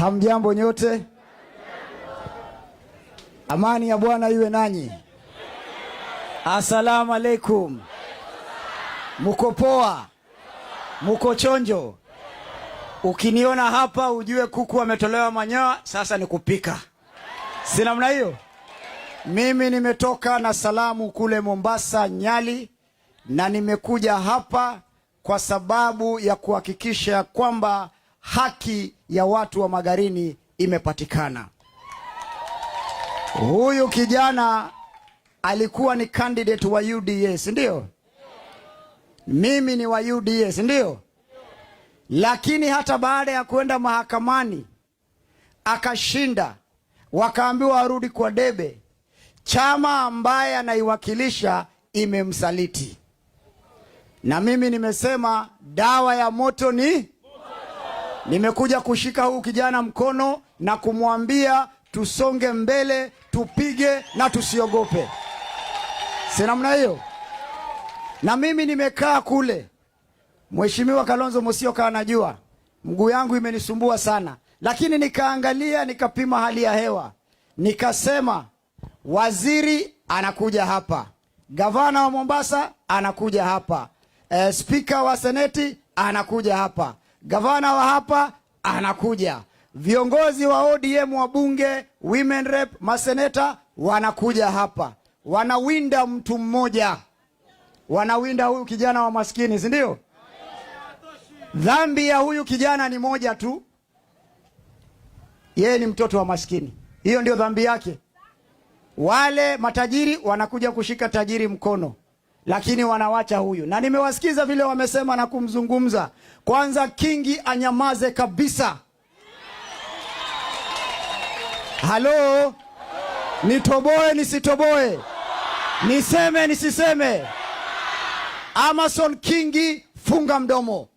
Hamjambo nyote, amani ya Bwana iwe nanyi. Asalamu alaikum. Muko poa? Muko chonjo? Ukiniona hapa ujue kuku ametolewa manyoya, sasa ni kupika, si namna hiyo. Mimi nimetoka na salamu kule Mombasa, Nyali, na nimekuja hapa kwa sababu ya kuhakikisha kwamba haki ya watu wa Magarini imepatikana. Huyu kijana alikuwa ni candidate wa UDA, si ndio? Mimi ni wa UDA, si ndio? Lakini hata baada ya kwenda mahakamani akashinda, wakaambiwa arudi kwa debe. Chama ambaye anaiwakilisha imemsaliti, na mimi nimesema dawa ya moto ni Nimekuja kushika huu kijana mkono na kumwambia tusonge mbele, tupige na tusiogope. Si namna hiyo? Na mimi nimekaa kule, Mheshimiwa Kalonzo Musyoka anajua mguu yangu imenisumbua sana, lakini nikaangalia, nikapima hali ya hewa, nikasema waziri anakuja hapa, gavana wa Mombasa anakuja hapa, e, spika wa seneti anakuja hapa gavana wa hapa anakuja, viongozi wa ODM wa bunge, women rep, maseneta wanakuja hapa, wanawinda mtu mmoja, wanawinda huyu kijana wa maskini, si ndio? Dhambi ya huyu kijana ni moja tu, yeye ni mtoto wa maskini. Hiyo ndio dhambi yake. Wale matajiri wanakuja kushika tajiri mkono lakini wanawacha huyu, na nimewasikiza vile wamesema na kumzungumza. Kwanza Kingi anyamaze kabisa. Halo, nitoboe nisitoboe, niseme nisiseme? Amason Kingi, funga mdomo.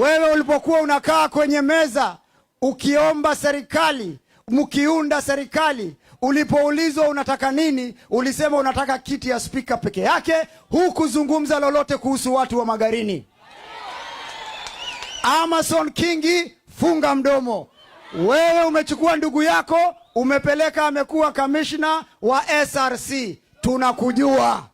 Wewe ulipokuwa unakaa kwenye meza ukiomba serikali, mkiunda serikali Ulipoulizwa unataka nini, ulisema unataka kiti ya spika peke yake, hukuzungumza lolote kuhusu watu wa Magarini. Amason Kingi, funga mdomo wewe. Umechukua ndugu yako umepeleka, amekuwa kamishna wa SRC, tunakujua.